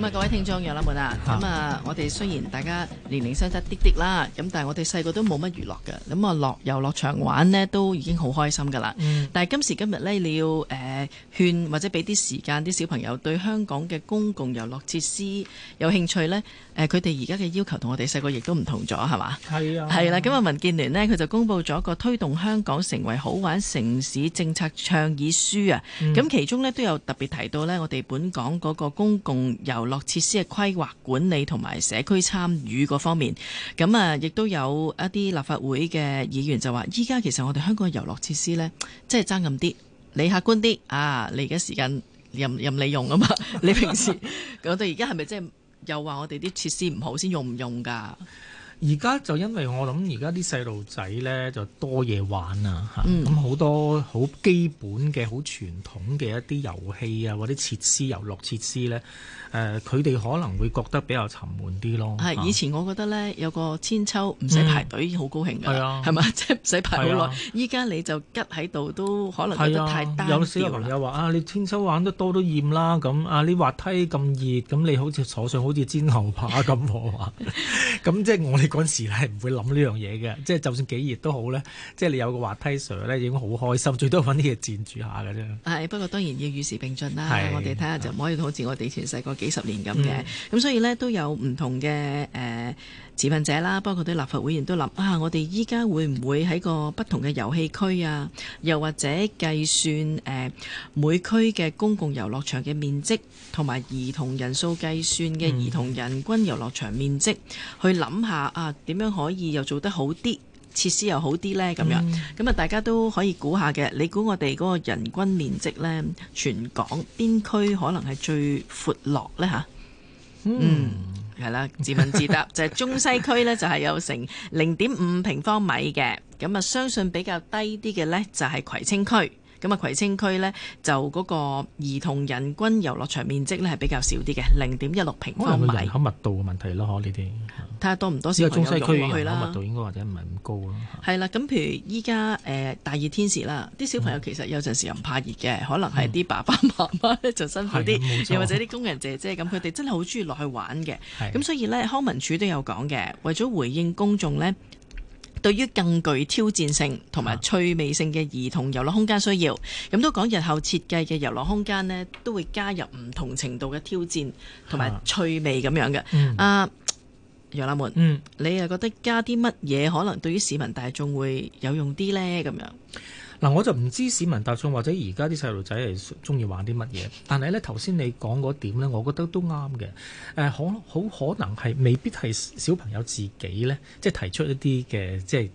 咁、嗯、啊，各位聽眾養啦門啊，咁、嗯、啊、嗯嗯，我哋雖然大家年齡相差啲啲啦，咁但係我哋細個都冇乜娛樂嘅，咁啊，落遊樂場玩咧都已經好開心噶啦。但係今時今日咧，你要、呃勸或者俾啲時間啲小朋友對香港嘅公共遊樂設施有興趣呢？佢哋而家嘅要求同我哋細個亦都唔同咗，係嘛？係啊，係啦。咁啊，民建聯呢，佢就公布咗個推動香港成為好玩城市政策倡議書啊。咁、嗯、其中呢，都有特別提到呢，我哋本港嗰個公共遊樂設施嘅規劃管理同埋社區參與嗰方面。咁啊，亦都有一啲立法會嘅議員就話：依家其實我哋香港嘅遊樂設施呢，即係爭咁啲。你客觀啲啊！你嘅時間任任你用啊嘛！你平時講到我哋而家係咪即係又話我哋啲設施唔好先用唔用㗎？而家就因為我諗，而家啲細路仔咧就多嘢玩啊，咁、嗯、好多好基本嘅、好傳統嘅一啲遊戲啊，或者設施遊樂設施咧，佢、呃、哋可能會覺得比較沉悶啲咯。以前我覺得咧、啊、有個鞦韆唔使排隊，好高興㗎，係、嗯、啊，係咪即係唔使排好耐。依家、啊、你就吉喺度都可能覺得太單、啊。有啲朋友話啊，你鞦韆玩得多都厭啦，咁啊你滑梯咁熱，咁你好似坐上好似煎牛扒咁喎，咁 即係我哋。嗰陣時係唔會諗呢樣嘢嘅，即係就算幾熱都好咧，即係你有個滑梯 Sir 咧，已經好開心，最多揾啲嘢墊住下㗎啫。係，不過當然要與時並進啦。係，我哋睇下就唔可以好似我哋以前細個幾十年咁嘅。咁、嗯、所以咧都有唔同嘅誒持份者啦，包括啲立法會議員都諗啊，我哋依家會唔會喺個不同嘅遊戲區啊，又或者計算誒、呃、每區嘅公共遊樂場嘅面積，同埋兒童人數計算嘅兒童人均遊樂場面積，嗯、去諗下。啊，點樣可以又做得好啲，設施又好啲呢？咁樣咁啊，mm. 大家都可以估下嘅。你估我哋嗰個人均面積呢，全港邊區可能係最闊落呢？吓、mm.，嗯，係啦，自問自答 就係中西區呢，就係有成零點五平方米嘅。咁啊，相信比較低啲嘅呢，就係葵青區。咁啊，葵青區咧就嗰個兒童人均遊樂場面積咧係比較少啲嘅，零點一六平方米。人口密度嘅問題咯，呢啲睇下多唔多小朋友入去啦。中西區。人口密度應該或者唔係咁高咯。係、啊、啦，咁譬如依家、呃、大熱天時啦，啲小朋友其實有陣時又唔怕熱嘅、嗯，可能係啲爸爸、嗯、媽媽咧就辛苦啲，又或者啲工人姐姐咁，佢哋真係好中意落去玩嘅。咁所以咧，康文署都有講嘅，為咗回應公眾咧。嗯對於更具挑戰性同埋趣味性嘅兒童遊樂空間需要，咁都講日後設計嘅遊樂空間呢，都會加入唔同程度嘅挑戰同埋趣味咁樣嘅。阿楊立門，嗯、你又覺得加啲乜嘢可能對於市民大眾會有用啲呢？咁樣？嗱，我就唔知市民、大眾或者而家啲細路仔係中意玩啲乜嘢，但係咧頭先你講嗰點咧，我覺得都啱嘅。誒、呃，可好可能係未必係小朋友自己咧，即係提出一啲嘅即係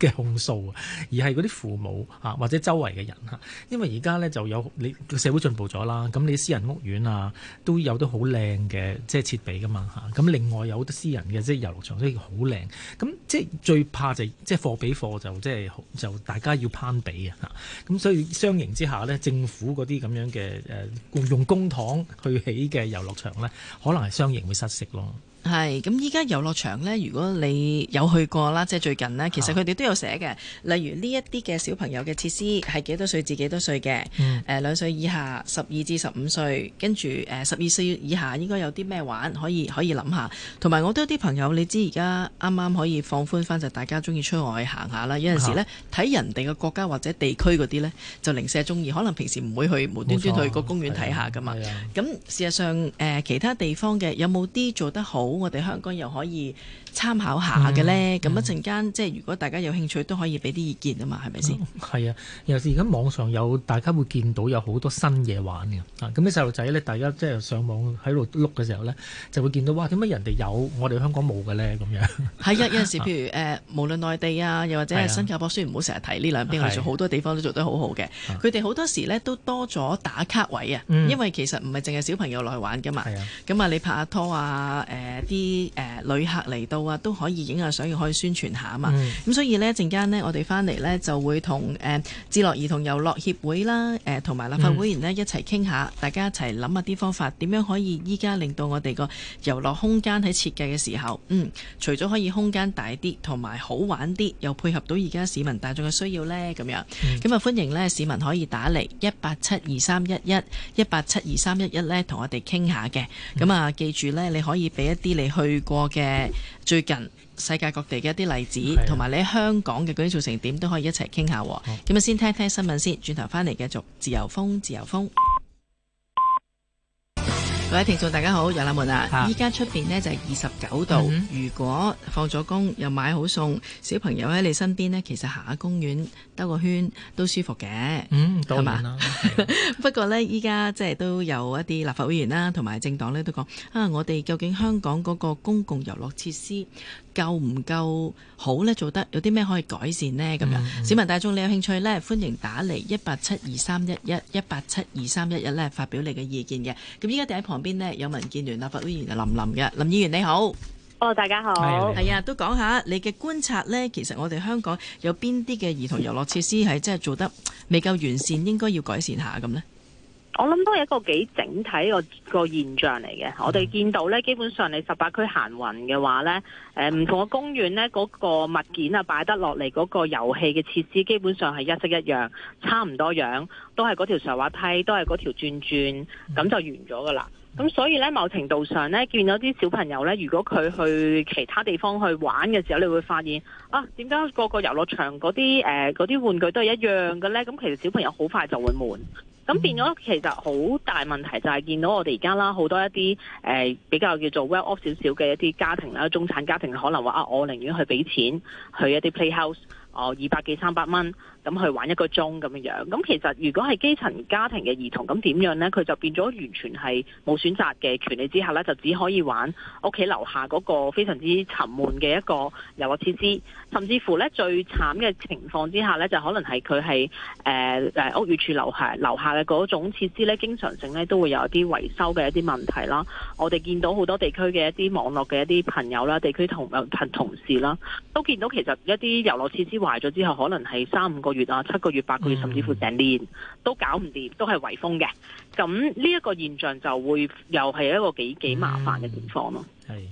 嘅控訴，而係嗰啲父母、啊、或者周圍嘅人、啊、因為而家咧就有你社會進步咗啦，咁你私人屋苑啊都有得好靚嘅即係設備噶嘛，咁另外有好多私人嘅即係遊樂場，所以好靚，咁。啊即係最怕就即係貨比貨就即係就大家要攀比啊！咁所以相形之下咧，政府嗰啲咁樣嘅誒、呃、用公帑去起嘅遊樂場咧，可能係相形會失色咯。係咁，依家遊樂場呢，如果你有去過啦，即係最近呢，其實佢哋都有寫嘅。例如呢一啲嘅小朋友嘅設施係幾多歲至幾多歲嘅、嗯呃？兩歲以下，十二至十五歲，跟住十二歲以下應該有啲咩玩可以可以諗下。同埋我都有啲朋友，你知而家啱啱可以放寬翻，就係、大家中意出去外行下啦。有陣時呢，睇、嗯、人哋嘅國家或者地區嗰啲呢，就零舍中意，可能平時唔會去無端端去個公園睇下㗎嘛。咁事實上、呃、其他地方嘅有冇啲做得好？我哋香港又可以。參考下嘅咧，咁一陣間即係如果大家有興趣都可以俾啲意見啊嘛，係咪先？係、嗯、啊，尤其是而家網上有大家會見到有好多新嘢玩嘅啊！咁啲細路仔咧，大家即係上網喺度碌嘅時候咧，就會見到哇，點解人哋有我哋香港冇嘅咧？咁樣係啊，有時譬、嗯、如誒，無論內地啊，又或者係新加坡，雖然唔好成日睇呢兩邊、啊，但係好多地方都做得好好嘅。佢哋好多時咧都多咗打卡位啊、嗯，因為其實唔係淨係小朋友落去玩㗎嘛。係啊，咁 to 啊，你拍下拖啊，誒啲誒旅客嚟到。都可以影下相，要可以宣傳下啊嘛。咁、mm-hmm. 所以呢，陣間呢，我哋翻嚟呢，就會同誒智樂兒童遊樂協會啦，同、呃、埋立法會議員呢，一齊傾下，mm-hmm. 大家一齊諗下啲方法，點樣可以依家令到我哋個遊樂空間喺設計嘅時候，嗯，除咗可以空間大啲，同埋好玩啲，又配合到而家市民大眾嘅需要呢。咁樣咁啊，mm-hmm. 歡迎呢，市民可以打嚟一八七二三一一一八七二三一一呢，同我哋傾下嘅。咁啊，記住呢，你可以俾一啲你去過嘅。最近世界各地嘅一啲例子，同埋、啊、你喺香港嘅嗰啲造成點都可以一齊傾下。咁、哦、啊，先聽聽新聞先，轉頭翻嚟繼續自由風，自由風。各位聽眾大家好，楊立門啊，依家出邊呢就係二十九度，嗯，如果放咗工又買好餸，小朋友喺你身邊呢，其實行下公園兜個圈都舒服嘅，係、嗯、嘛、 嗯？不過呢，依家即係都有一啲立法會議員啦，同埋政黨呢，都講啊，我哋究竟香港嗰個公共遊樂設施？夠唔夠好呢？做得有啲咩可以改善呢？咁樣、嗯，市民大眾你有興趣呢？歡迎打嚟，一八七二三一一一八七二三一一呢，發表你嘅意見嘅。咁依家就喺旁邊呢，有民建聯立法會議員林琳嘅，林議員你好，哦大家好，係啊，啊，都講下你嘅觀察呢。其實我哋香港有邊啲嘅兒童遊樂設施係真係做得未夠完善，應該要改善下咁呢。我諗都係一個幾整體個個現象嚟嘅。我哋見到呢，基本上你十八區行匀嘅話呢，誒唔同嘅公園呢，嗰個物件啊擺得落嚟，嗰個遊戲嘅設施基本上係一式一樣，差唔多樣，都係嗰條滑滑梯，都係嗰條轉轉，咁就完咗噶啦。咁所以呢，某程度上呢，見到啲小朋友呢，如果佢去其他地方去玩嘅時候，你會發現啊，點解個個遊樂場嗰啲誒嗰啲玩具都係一樣嘅呢？咁其實小朋友好快就會悶。咁變咗其實好大問題就係見到我哋而家啦，好多一啲誒比較叫做 well off 少少嘅一啲家庭啦，中產家庭可能話啊，我寧願去畀錢去一啲 playhouse。哦，二百幾三百蚊咁去玩一個鐘咁樣樣，咁其實如果係基層家庭嘅兒童，咁點樣呢？佢就變咗完全係冇選擇嘅權利之下呢就只可以玩屋企樓下嗰個非常之沉悶嘅一個遊樂設施。甚至乎呢，最慘嘅情況之下呢就可能係佢係屋宇處樓下樓下嘅嗰種設施呢經常性呢都會有一啲維修嘅一啲問題啦。我哋見到好多地區嘅一啲網絡嘅一啲朋友啦，地區同朋同事啦，都見到其實一啲遊樂設施埋咗之後，可能係三五個月啊，七個月、八個，個月，甚至乎成年、嗯、都搞唔掂，都係圍風嘅。咁呢一個現象就會又係一個幾幾麻煩嘅地方咯。係、嗯、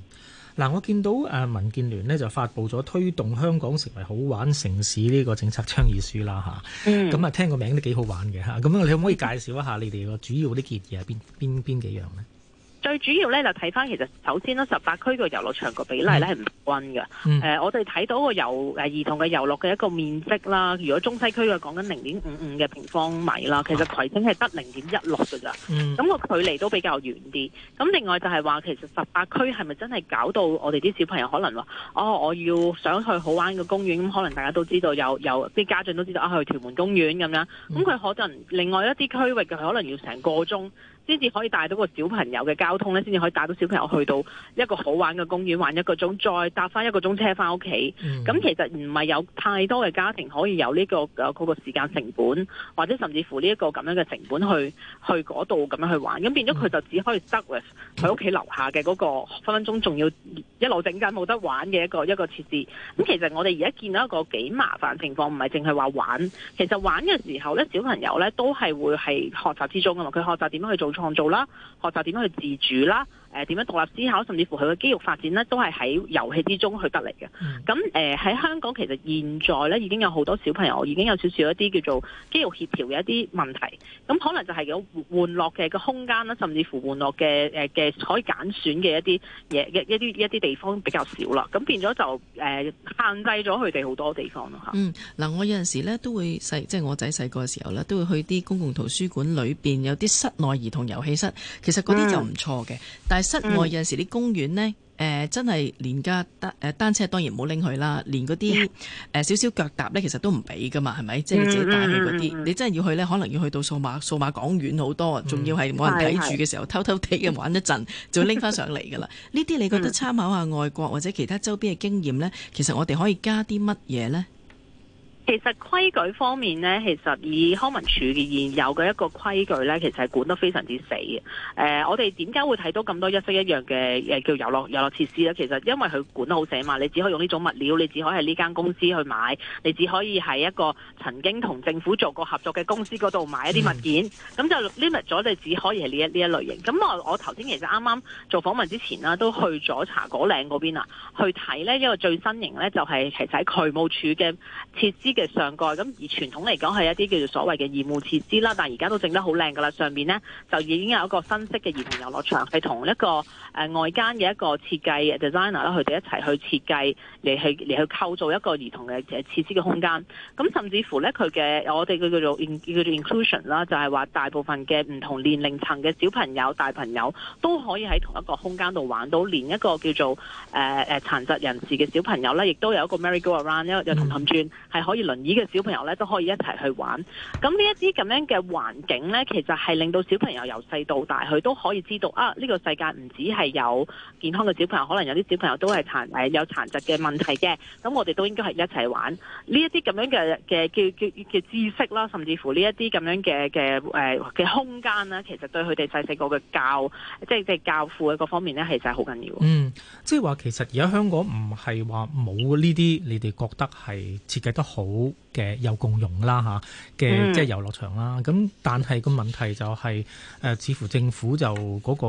嗱，我見到誒民建聯呢就發布咗推動香港成為好玩城市呢個政策倡議書啦，吓、啊。嗯。咁啊，聽個名都幾好玩嘅吓。咁啊，你可唔可以介紹一下你哋個主要啲建議係邊邊邊幾樣呢？最主要咧就睇翻，其實首先咧十八區個遊樂場個比例咧係唔均嘅，嗯呃。我哋睇到個遊誒兒童嘅遊樂嘅一個面積啦，如果中西區嘅講緊零點五五嘅平方米啦，其實葵青係得零點一六㗎咋。咁，嗯個距離都比較遠啲。咁另外就係話，其實十八區係咪真係搞到我哋啲小朋友可能話，哦，我要想去好玩嘅公園，咁，嗯，可能大家都知道有有啲家長都知道啊，去屯門公園咁樣。咁佢可能另外一啲區域嘅，佢可能要成個鐘。先至可以帶到個小朋友嘅交通咧，先至可以帶到小朋友去到一個好玩嘅公園玩一個鐘，再搭翻一個鐘車翻屋企。咁、嗯、其實唔係有太多嘅家庭可以有呢、這個誒嗰個時間成本，或者甚至乎呢一個咁樣嘅成本去去嗰度咁樣去玩。咁變咗佢就只可以得喺屋企樓下嘅嗰個分分鐘仲要一路整緊冇得玩嘅一個一個設置。咁其實我哋而家見到一個幾麻煩情況，唔係淨係話玩。其實玩嘅時候咧，小朋友咧都係會係學習之中嘅嘛。佢學習點樣去做？創造啦，學習點樣去自主啦。誒、呃，點樣獨立思考，甚至乎佢嘅肌肉發展咧，都係喺遊戲之中去得嚟嘅。咁誒，喺、呃、香港其實現在咧，已經有好多小朋友已經有少少一啲叫做肌肉協調嘅一啲問題。咁可能就係有玩樂嘅個空間啦，甚至乎玩樂嘅誒嘅可以揀選嘅一啲嘢嘅一啲一啲地方比較少啦。咁變咗就誒、呃、限制咗佢哋好多地方咯吓。嗱、嗯呃，我有陣時咧都會細，即、就、係、是、我仔細個嘅時候咧，都會去啲公共圖書館裏邊有啲室內兒童遊戲室。其實嗰啲就唔錯嘅，嗯但係室外有陣時啲、嗯、公園咧，誒、呃、真係連架單誒單車當然唔好拎去啦，連嗰啲誒少少腳踏咧，其實都唔俾噶嘛，係咪？即係要自己帶去嗰啲、嗯。你真係要去咧，可能要去到數碼數碼港遠好多，仲要係冇人睇住嘅時候、嗯、偷偷哋嘅玩一陣，就拎翻上嚟噶啦。呢 啲你覺得參考下外國或者其他周邊嘅經驗咧，其實我哋可以加啲乜嘢咧？其實規矩方面呢，其實以康文署嘅現有嘅一個規矩呢，其實係管得非常之死嘅。呃，我哋點解會睇到咁多一式一樣嘅，呃，叫遊樂遊樂設施呢？其實因為佢管得好死嘛，你只可以用呢種物料，你只可以喺呢間公司去買，你只可以喺一個曾經同政府做過合作嘅公司嗰度買一啲物件，咁，嗯，就 limit 咗你只可以係呢一呢一類型。咁我我頭先其實啱啱做訪問之前啦，都去咗茶果嶺嗰邊啊，去睇呢一個最新型呢，就係其實喺渠務署嘅設施。嘅上蓋，咁而傳統嚟講係一啲叫做所謂嘅義務設施啦，但係而家都整得好靚噶啦。上面呢，就已經有一個新式嘅兒童遊樂場，係同一個誒外間嘅一個設計 designer 啦，佢哋一齊去設計嚟去嚟去構造一個兒童嘅誒設施嘅空間。咁甚至乎呢，佢嘅我哋叫做叫做 inclusion 啦，就係話大部分嘅唔同年齡層嘅小朋友、大朋友都可以喺同一個空間度玩到，連一個叫做誒誒殘疾人士嘅小朋友呢，亦都有一個 merry-go-round 一個又氹氹轉，係可以。輪椅嘅小朋友咧都可以一齊去玩，咁呢一啲咁樣嘅環境呢，其實係令到小朋友由細到大，佢都可以知道啊！呢個世界唔止係有健康嘅小朋友，可能有啲小朋友都係殘誒有殘疾嘅問題嘅。咁我哋都應該係一齊玩呢一啲咁樣嘅嘅叫叫嘅知識啦，甚至乎呢一啲咁樣嘅嘅誒嘅空間啦，其實對佢哋細細個嘅教，即係即係教父嘅各方面呢，其實係好緊要。嗯，即係話其實而家香港唔係話冇呢啲，你哋覺得係設計得好。好嘅，有共融啦吓，嘅、嗯、即係遊樂場啦。咁但係個問題就係、是，誒、呃，似乎政府就嗰個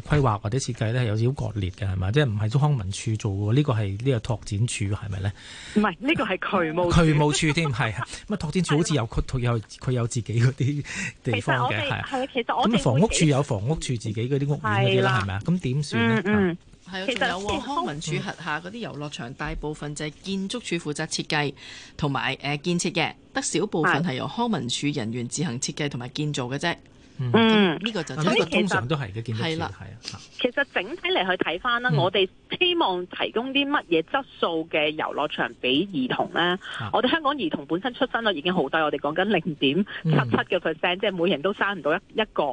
規劃或者設計咧，有少少割裂嘅係咪？即係唔係康文處做嘅，呢、這個係呢個展是是是、啊、 是拓展處係咪咧？唔 係，呢個係渠務渠務處添，係啊。咁拓展處好似有佢，有佢有自己嗰啲地方嘅，係係。其實我，其實我，其實我房屋處有房屋處自己嗰啲屋苑嗰啲啦，係咪啊？咁點算咧？係，仲、哦、有康文署轄下嗰啲遊樂場、嗯，大部分就係建築署負責設計同埋誒建設嘅，得少部分係由康文署人員自行設計同埋建造嘅啫。嗯，呢、這個就，一、嗯、過、這個、通常都係嘅，係啦，係啊。其實整體嚟去睇返啦，我、嗯、哋。希望提供啲乜嘢質素嘅遊樂場俾兒童咧、啊？我哋香港兒童本身出生率已經好低，我哋講緊零點七七嘅 percent，即係每人都生唔到一一個。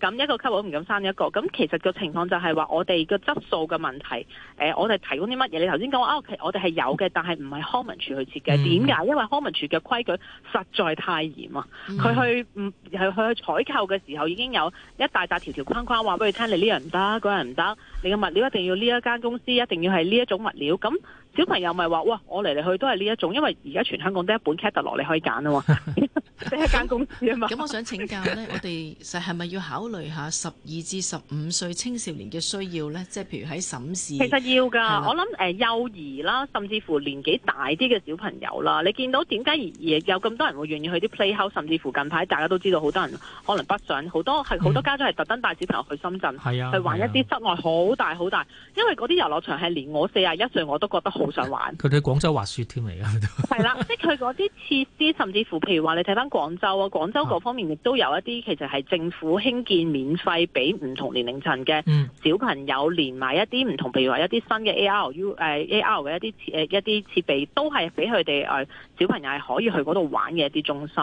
咁、嗯、一個級都唔敢生一個。咁、嗯、其實個情況就係話，我哋個質素嘅問題。呃、我哋提供啲乜嘢？你頭先講啊，我哋係有嘅，但係唔係康文署去設計點解？因為康文署嘅規矩實在太嚴啊！佢、嗯、去唔去，去，去，去採購嘅時候已經有一大大條條框框，話俾你聽：你呢樣唔得，嗰樣唔得。你嘅物料一定要呢一間公司。啲一定要係呢一種物料，咁小朋友咪話：「哇！我嚟嚟去都係呢一種，因為而家全香港得一本《catalog》你可以揀啊嘛。 」 即係一間公司啊嘛，咁 我想請教咧，我哋實係咪要考慮下十二至十五歲青少年嘅需要咧？即係譬如喺審視，其實要㗎。我諗誒幼兒啦，甚至乎年紀大啲嘅小朋友啦，你見到點解而家有咁多人會願意去啲 playhouse，甚至乎近排大家都知道好多人可能北上，好多係好、嗯、多家長係特登帶小朋友去深圳，係啊，去玩一啲室外好大好大，因為嗰啲遊樂場係連我四十一歲我都覺得好想玩。佢哋廣州滑雪添嚟㗎，係啦， 即係佢嗰啲設施，甚至乎譬如話你睇翻。廣州啊，廣州各方面亦都有一啲，其實係政府興建免費俾唔同年齡層嘅小朋友連埋一啲唔同，譬如話一啲新嘅 AR U 誒、uh, AR 嘅一啲設誒一啲設備，都係俾佢哋誒小朋友係可以去嗰度玩嘅一啲中心。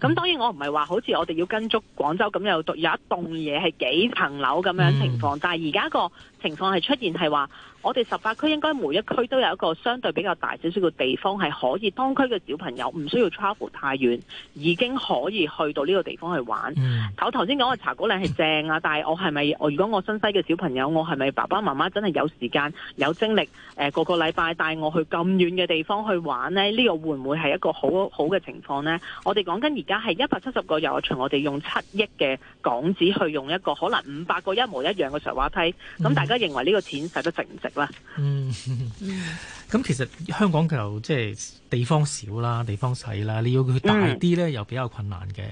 咁當然我唔係話好似我哋要跟足廣州咁有有一棟嘢係幾層樓咁樣情況，但係而家個情況係出現係話。我哋十八區應該每一區都有一個相對比較大少少嘅地方，係可以當區嘅小朋友唔需要 travel 太遠，已經可以去到呢個地方去玩、嗯。頭頭先講嘅茶果嶺係正啊，但係我係咪？如果我新西嘅小朋友，我係咪爸爸媽媽真係有時間、有精力？誒，個個禮拜帶我去咁遠嘅地方去玩呢？呢、這個會唔會係一個好好嘅情況呢？我哋講緊而家係一百七十個遊樂場，我哋用七億嘅港紙去用一個可能五百個一模一樣嘅滑滑梯，咁大家認為呢個錢使得值唔值？ 嗯，咁其實香港就即係地方少啦，地方細啦，你要佢大啲咧又比較困難嘅。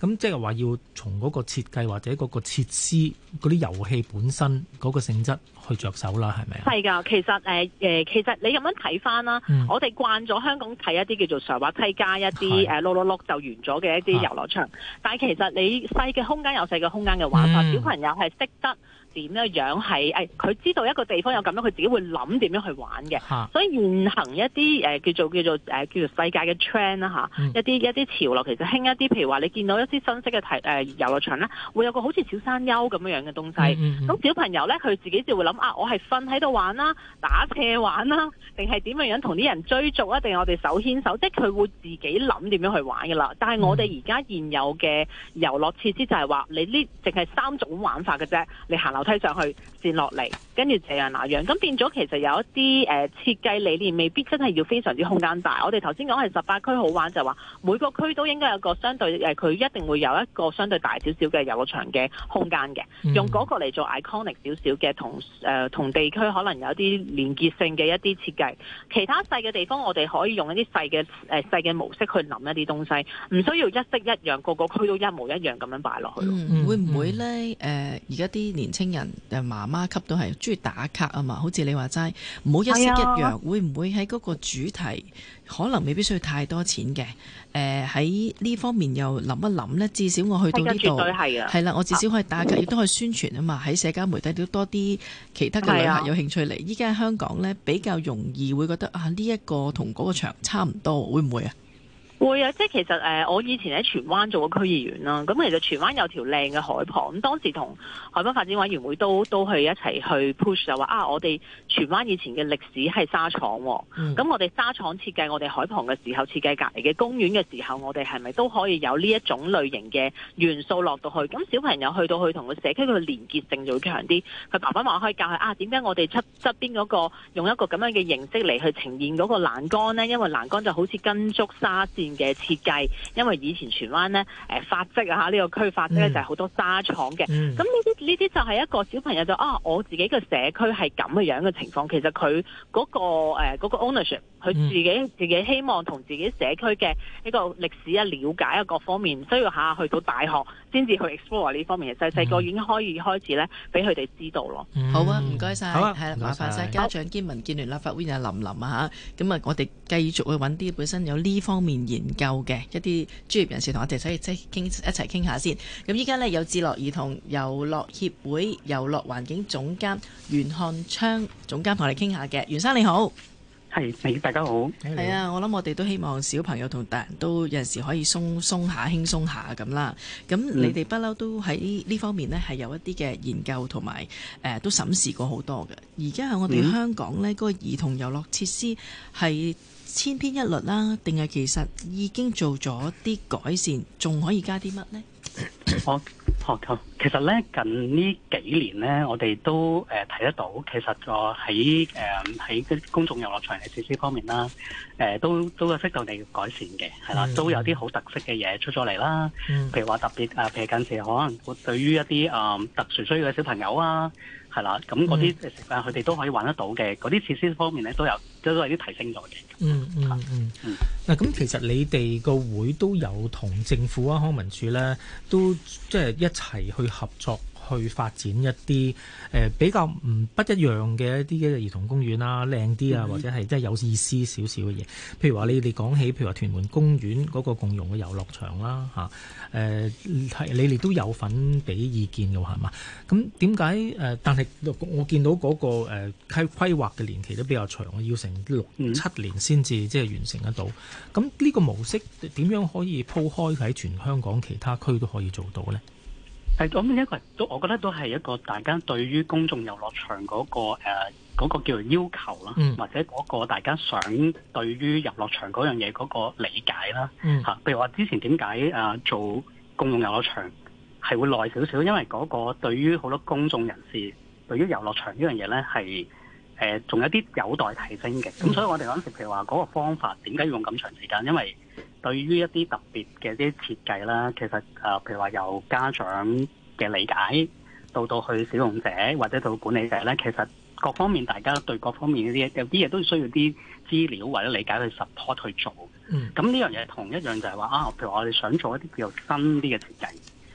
咁即係話要從嗰個設計或者嗰個設施、嗰啲遊戲本身嗰個性質去着手啦，係咪啊？係㗎，其實誒誒、呃，其實你咁樣睇返啦，我哋慣咗香港睇一啲叫做上滑梯加一啲誒碌碌碌就完咗嘅一啲遊樂場，但係其實你細嘅空間有細嘅空間嘅玩法，小朋友係識得。點樣樣係誒？佢、哎、知道一個地方有咁樣，佢自己會諗點樣去玩嘅。所以現行一啲誒、呃、叫做叫做誒、呃、叫做世界嘅 trend 啦、啊、嚇、嗯，一啲一啲潮流其實興一啲，譬如話你見到一啲新式嘅提誒遊樂場咧，會有個好似小山丘咁樣樣嘅東西。咁、嗯嗯嗯、小朋友咧，佢自己就會諗啊，我係瞓喺度玩啦，打斜玩啦，定係點樣樣同啲人追逐啊？定係我哋手牽手？即係佢會自己諗點樣去玩嘅啦。但係我哋而家現有嘅遊樂設施就係話，你呢淨係三種玩法嘅啫，你行推上去，墊落嚟，跟住這樣那樣，咁變咗其實有一啲誒設計理念，未必真係要非常之空間大。我哋頭先講係十八區好玩，就話每個區都應該有個相對誒佢一定會有一個相對大少少嘅遊樂場嘅空間嘅、嗯，用嗰個嚟做 iconic 少少嘅，同誒、呃、同地區可能有一啲連結性嘅一啲設計，其他細嘅地方，我哋可以用一啲細嘅誒細嘅模式去諗一啲東西，唔需要一式一樣個個區都一模一樣咁樣擺落去。嗯嗯嗯嗯、會唔會咧？誒而家啲年青人就媽媽級都係中意打卡啊嘛，好似你話齋，唔好一式一樣，會唔會喺嗰個主題、啊、可能未必需要太多錢嘅？誒喺呢方面又諗一諗呢，至少我去到呢度，絕對係啊，係啦，我至少可以打卡，亦、啊、都可以宣傳啊嘛，喺社交媒體都多啲其他嘅旅客有興趣嚟。依家、啊、香港呢，比較容易會覺得啊，呢、這、一個同嗰個場差唔多，會唔會啊？會啊，即其實誒、呃，我以前喺荃灣做個區議員啦。咁其實荃灣有條靚嘅海旁，咁當時同海濱發展委員會都都去一齊去 push 就話啊，我哋荃灣以前嘅歷史係紗廠、哦，咁我哋紗廠設計我哋海旁嘅時候設計隔籬嘅公園嘅時候，我哋係咪都可以有呢一種類型嘅元素落到去？咁小朋友去到去同個社區佢連結性就會強啲，佢爸爸媽媽可以教佢啊，點解我哋側側邊嗰個用一個咁樣嘅形式嚟去呈現嗰個欄杆呢？因為欄杆就好似跟足紗線嘅設計，因為以前荃灣咧，誒、呃，發跡啊，吓、這個、呢個區發跡咧就係好多紗廠嘅，咁呢啲呢啲就係一個小朋友就啊，我自己嘅社區係咁嘅樣嘅情況，其實佢嗰、那個誒嗰、呃那個 ownership。佢自己自己希望同自己社區嘅一個歷史啊、了解啊各方面，唔需要下去到大學先至去 explore 呢方面，細細個已經可以開始咧，俾佢哋知道咯、嗯。好啊，唔該晒，係啦、啊，麻煩晒。家長兼民建聯立法會議員林琳啊嚇，咁啊，我哋繼續去揾啲本身有呢方面研究嘅一啲專業人士同我哋一齊即係一齊傾下先。咁依家咧有智樂兒童遊樂協會遊樂環境總監袁漢昌總監同我哋傾下嘅，袁生，你好。係，大家好。係啊，我諗我哋都希望小朋友同大人都有陣時可以鬆鬆下、輕鬆下咁啦。咁你哋不嬲都喺呢方面呢，係有一啲嘅研究同埋，誒、呃，都審視過好多嘅。而家喺我哋香港呢，呢個兒童遊樂設施係千篇一律啦，定係其實已經做咗啲改善，仲可以加啲乜呢？ 咁、哦、其實咧近呢幾年咧，我哋都誒睇、呃、得到，其實個喺誒喺公眾遊樂場嘅設施方面啦，誒、呃、都都有適度地改善嘅，係啦，都有啲好特色嘅嘢出咗嚟啦，譬如話特別啊，譬、呃、如近時可能會對於一啲啊、呃、特殊需要嘅小朋友啊。係啦，咁嗰啲食飯佢哋都可以玩得到嘅。嗰啲設施方面咧，都有都都有啲提升咗嘅。嗯嗯嗯嗯。嗱、嗯，咁、嗯、其實你哋個會都有同政府啊、康文署咧，都即係、就是、一齊去合作。去發展一啲、呃、比較唔不一樣嘅一啲兒童公園啦，靚啲啊，啊 mm-hmm. 或者係即係有意思少少嘅嘢。譬如話，你哋講起譬如話屯門公園嗰個共用嘅遊樂場啦，啊呃、你哋都有份俾意見嘅喎，係嘛？咁點解但係我見到嗰、嗰個誒、呃、規劃嘅年期都比較長，要成六七年先至即係完成得到。咁、mm-hmm. 呢個模式點樣可以鋪開喺全香港其他區都可以做到呢？咁呢一個都，我覺得都係一個大家對於公眾遊樂場嗰個呃嗰個叫做要求啦，mm. 或者嗰個大家想對於遊樂場嗰樣嘢嗰個理解啦、mm. 譬如話之前點解啊做公眾遊樂場係會耐少少，因為嗰個對於好多公眾人士對於遊樂場樣東西呢樣嘢咧係。誒，仲有啲有待提升嘅，咁所以我哋陣時，譬如話嗰個方法點解要用咁長時間？因為對於一啲特別嘅啲設計啦，其實、呃、譬如話由家長嘅理解到到去使用者或者到管理者咧，其實各方面大家對各方面嗰啲有啲嘢都需要啲資料或者理解去 support 去做。咁、mm. 呢樣嘢同一樣就係話啊，譬如話我哋想做一啲比較新啲嘅設計，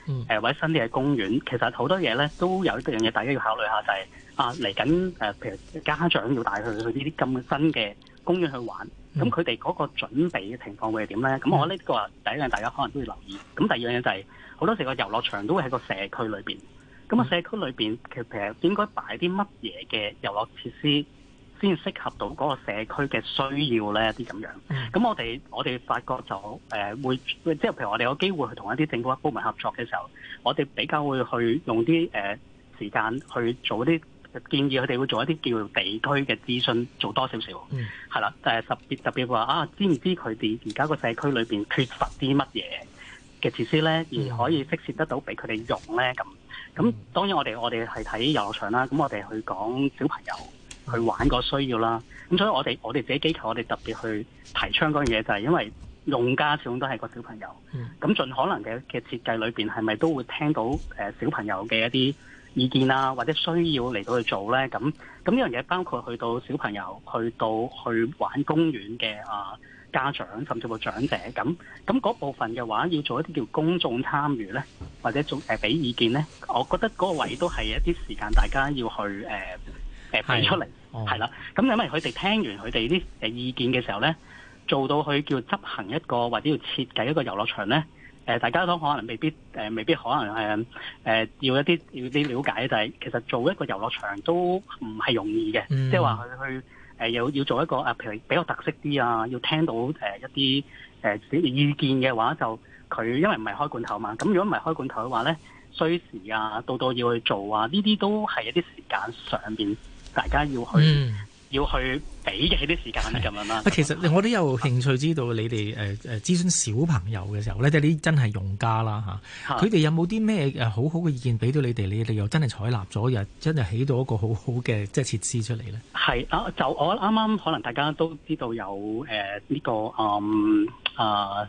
或、mm. 者、呃、新啲嘅公園，其實好多嘢咧都有一樣嘢，大家要考慮一下就係、是。啊，嚟緊誒，譬如家長要帶佢去呢啲咁新嘅公園去玩，咁佢哋嗰個準備嘅情況會係點咧？咁、嗯、我呢個第一樣，大家可能都要留意。咁第二樣嘢就係、是、好多時個遊樂場都會喺個社區裏面。咁、那、啊、個、社區裏面、嗯、其實應該擺啲乜嘢嘅遊樂設施先適合到嗰個社區嘅需要咧？啲咁樣，咁我哋我哋發覺就誒、呃、會即係譬如我哋有機會去同一啲政府部門合作嘅時候，我哋比較會去用啲誒、呃、時間去做啲。建議佢哋會做一啲叫地區嘅資訊做多少少，係、嗯、啦，誒、就係、特別特別話啊，知唔知佢哋而家個社區裏邊缺乏啲乜嘢嘅設施咧、嗯，而可以適切得到俾佢哋用咧？咁咁當然我哋我哋係睇遊樂場啦，咁我哋去講小朋友去玩個需要啦。咁所以我哋我哋自己機構，我哋特別去提倡嗰樣嘢，就係、係、因為用家始終都係個小朋友，咁、嗯、盡可能嘅嘅設計裏邊係咪都會聽到誒、呃、小朋友嘅一啲。意見啊，或者需要嚟到去做咧，咁咁呢樣嘢包括去到小朋友去到去玩公園嘅啊，家長甚至乎長者，咁咁嗰部分嘅話要做一啲叫公眾參與咧，或者做誒俾、呃、意見咧，我覺得嗰個位都係一啲時間，大家要去誒誒、呃、俾出嚟，係啦。咁、哦、因為佢哋聽完佢哋啲意見嘅時候咧，做到去叫執行一個或者要設計一個遊樂場咧。大家都可能未必，未必可能係誒、呃，要一啲要啲了解就係、是、其實做一個遊樂場都唔係容易嘅，即係話佢去誒要要做一個啊，譬如比較特色啲啊，要聽到一啲己意見嘅話，就佢因為唔係開罐頭嘛，咁如果唔係開罐頭嘅話，咧，需時啊，到到要去做啊，呢啲都係一啲時間上面大家要去。嗯要去俾嘅啲時間咁樣啦。其實我都有興趣知道你哋誒誒諮詢小朋友嘅時候咧，即係啲真係用家啦嚇，佢、啊、哋有冇啲咩誒好好嘅意見俾到你哋？你哋又真係採納咗，又真係起到一個好好嘅即係設施出嚟咧？係啊，就我啱啱可能大家都知道有誒、這、呢個啊、嗯、啊，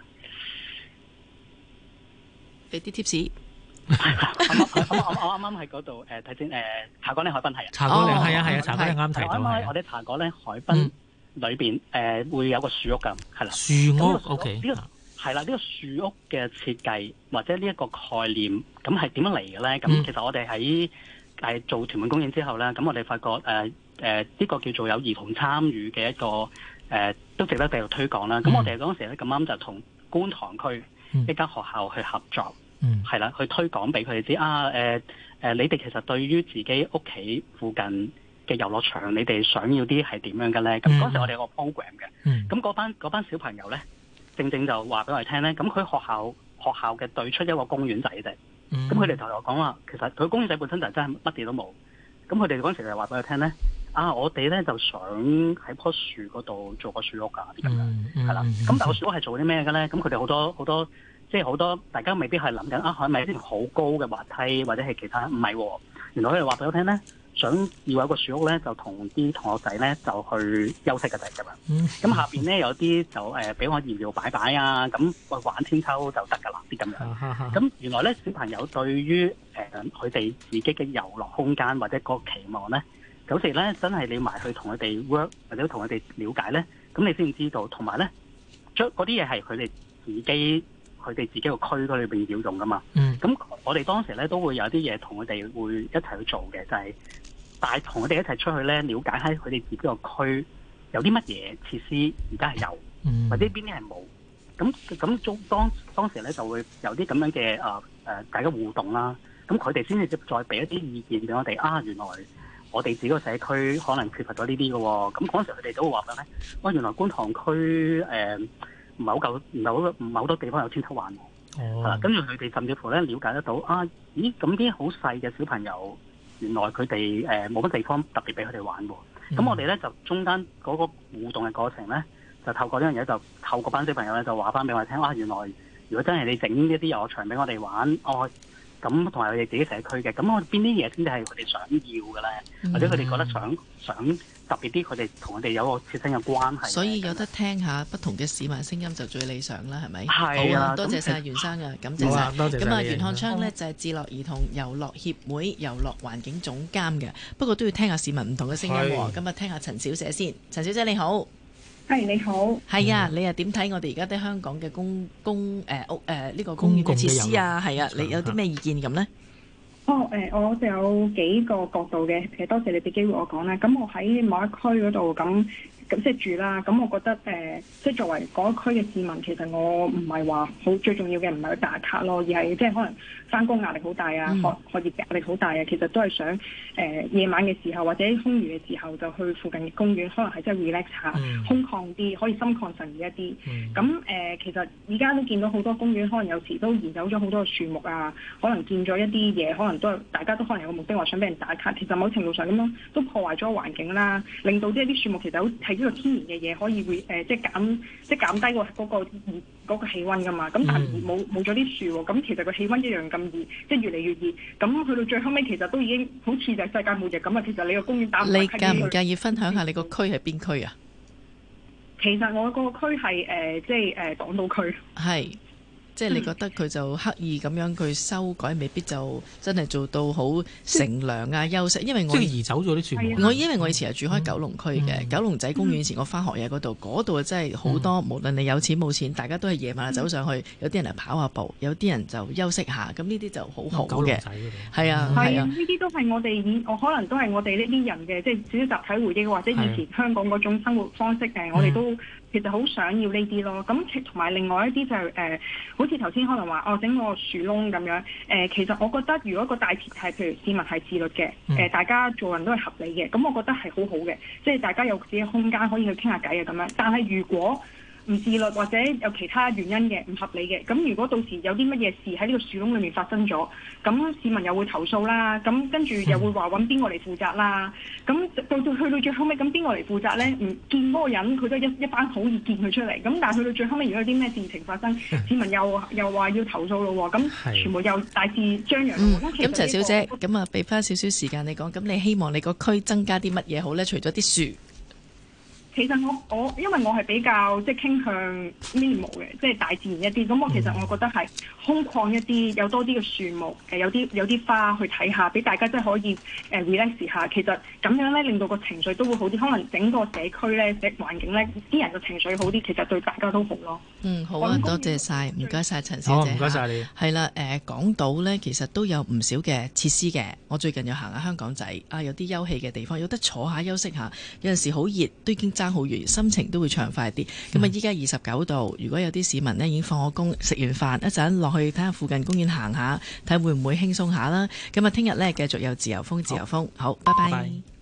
俾啲貼士。係咁咁，我啱啱喺嗰度，誒，睇先，誒，查過咧海濱係啊，查過咧，係、嗯、啊，係啊，嗯、我查過咧啱啱啱啱我哋查過咧海濱裏邊，誒、呃，會有個樹屋噶，係啦，樹屋，樹屋，OK，呢、這個係啦，呢、這個樹屋嘅設計或者呢一個概念，咁係點樣嚟嘅咧？咁、嗯、其實我哋喺誒做屯門公園之後咧，咁我哋發覺，誒、呃，誒、呃，呢、這個叫做有兒童參與嘅一個，誒、呃，都值得繼續推廣啦。咁我哋當時咧咁啱就同觀塘區一間學校去合作。嗯嗯，係啦，去推廣俾佢哋知啊！誒、呃、誒、呃呃，你哋其實對於自己屋企附近嘅遊樂場，你哋想要啲係點樣嘅咧？咁、嗯、嗰時我哋有個 program 嘅，咁、嗯、嗰班嗰班小朋友咧，正正就話俾我哋聽咧，咁佢學校學校嘅對出一個公園仔嘅，咁佢哋同我講話，其實佢公園仔本身就真係乜嘢都冇，咁佢哋嗰時就話俾我聽咧，啊，我哋咧就想喺樖樹嗰度做個樹屋噶、啊，咁樣係啦。咁、嗯嗯、但係個樹屋係做啲咩嘅咧？咁佢哋好多好多。即係好多大家未必係諗緊啊！係咪一條好高嘅滑梯或者係其他？唔係喎，原來佢哋話俾我聽咧，想要有個樹屋咧，就同啲同學仔咧就去休息嘅仔咁樣。咁 下面咧有啲就誒俾、呃、我搖搖擺擺啊，咁、啊、去玩韆鞦就得㗎啦，啲咁樣。咁 原來咧小朋友對於誒佢哋自己嘅遊樂空間或者個期望咧，有時咧真係你埋去同佢哋 work 或者同佢哋了解咧，咁你先知，知道。同埋咧將嗰啲嘢係佢哋自己。佢哋自己個區嗰裏邊要用噶嘛？咁、嗯、我哋當時咧都會有啲嘢同佢哋會一齊去做嘅，就係帶同佢哋一齊出去咧，了解下佢哋自己個區有啲乜嘢設施而家係有、嗯，或者邊啲係冇。咁咁中當當時咧就會有啲咁樣嘅啊誒、啊，大家互動啦。咁佢哋先至再俾一啲意見俾我哋啊，原來我哋自己個社區可能缺乏咗呢啲嘅喎。咁嗰陣時佢哋都會話緊咧，喂、啊，原來觀塘區誒。啊唔係好夠、唔係好、唔係好多地方有鞦韆玩，喎、oh. 啊。跟住佢哋甚至乎咧了解得到啊，咦，咁啲好細嘅小朋友，原來佢哋誒冇乜地方特別俾佢哋玩喎，咁我哋咧就中間嗰個互動嘅過程咧，就透過呢樣嘢就透過班小朋友咧就話翻俾我哋聽，啊，原來如果真係你整呢啲遊樂場俾我哋玩，哦。咁同埋我哋自己社區嘅，咁我邊啲嘢先至係我哋想要嘅咧、嗯？或者佢哋覺得想想特別啲，佢哋同我哋有個切身嘅關係。所以有得聽下不同嘅市民聲音就最理想啦，係咪？係啊，啊，啊，啊，多謝晒袁生啊，感謝晒！咁啊袁漢昌呢，啊、就係、是、智樂兒童遊樂協會遊樂環境總監嘅，不過都要聽下市民唔同嘅聲音喎。咁啊就聽下陳小姐先，陳小姐你好。係你好，係啊，嗯、你又點睇我哋而家啲香港嘅公公誒屋誒呢個公共設施啊？係啊，你有啲咩意見咁咧？哦，誒，我就有幾個角度嘅，其實多謝你俾機會我講咧。咁我喺某一區嗰度咁，咁即係住啦，咁我覺得即係、呃就是、作為嗰區嘅市民，其實我唔係話好最重要嘅，唔係去打卡咯，而係即係可能翻工壓力好大啊，學學業壓力好大啊，其實都係想、呃、夜晚嘅時候或者空餘嘅時候就去附近嘅公園，可能係真係 relax 下、嗯，空曠啲，可以心曠神怡一啲。咁、嗯呃、其實而家都見到好多公園，可能有時都移走咗好多樹木啊，可能見咗一啲嘢，可能都大家都可能有個目的話想俾人打卡，其實某程度上咁樣都破壞咗環境啦，令到即係啲樹木其實好呢個天然嘅嘢可以會誒，即係減即係減低嗰個嗰個氣温噶嘛。咁、嗯、但係冇冇咗啲樹喎，咁其實個氣温一樣咁熱，即係越嚟越熱。咁去到最後尾，其實都已經好似就係世界末日咁啊！其實你個公園打唔打？你介唔介意分享下你個區係邊區啊？其實我個區係誒，即係誒港島區。係。即係你覺得佢就刻意咁樣去修改，嗯、未必就真係做到好乘涼啊、嗯、休息。因為我移走咗啲全部。我因為我以前係住開九龍區嘅、嗯嗯，九龍仔公園以前我學嗰度，我翻學嘢嗰度，嗰度真係好多、嗯，無論你有錢冇錢，大家都係夜晚上走上去，嗯、有啲人嚟跑下步，有啲人就休息下，咁呢啲就很好好嘅。係啊，係、嗯、啊，呢啲都係我哋，我可能都係我哋呢啲人嘅，即係少少集體回憶，或者以前香港嗰種生活方式嘅，我哋都。嗯其實好想要呢啲咯，咁同埋另外一啲就係、是呃、好似頭先可能話哦，整個樹窿咁樣。誒、呃，其實我覺得如果個大前提，譬如市民係自律嘅、呃，大家做人都係合理嘅，咁我覺得係好好嘅，即係大家有自己嘅空間可以去傾下偈啊咁樣。但係如果唔自律或者有其他原因嘅唔合理嘅，咁如果到時有啲乜嘢事喺呢個樹窿裏面發生咗，咁市民又會投訴啦，咁跟住又會話揾邊個嚟負責啦，咁、嗯、到到去到最後尾，咁邊個嚟負責呢？唔見嗰個人，佢都係一一班好意見佢出嚟，咁但係去到最後尾，如果有啲咩事情發生， 市民又又話要投訴咯喎，咁全部又大肆張揚。咁、嗯、陳、這個嗯、小姐，咁啊俾翻少少時間你講，咁你希望你個區增加啲乜嘢好呢？除咗啲樹。其實我我因為我係比較即係傾向 minimal 嘅，即係大自然一啲。咁我其實我覺得係空曠一啲，有多啲嘅樹木，誒有啲有啲花去睇下，俾大家即係可以誒 relax 下。其實咁樣咧，令到個情緒都會好啲。可能整個社區咧，即環境咧，啲人嘅情緒好啲，其實對大家都好咯。嗯，好啊，多謝晒。唔該晒陳小姐，唔該晒你。係啦，誒港島咧，其實都有唔少嘅設施嘅。我最近有行下香港仔啊，有啲休憩嘅地方，有得坐下休息下。有陣時好熱，都已經爭好心情都會暢快啲。咁啊，依家二十九度。如果有啲市民呢，已經放咗工，食完飯一陣落去睇下附近公園行下，睇會唔會輕鬆下啦。咁啊，聽日呢繼續有自由風，自由風。好，拜拜。Bye bye bye bye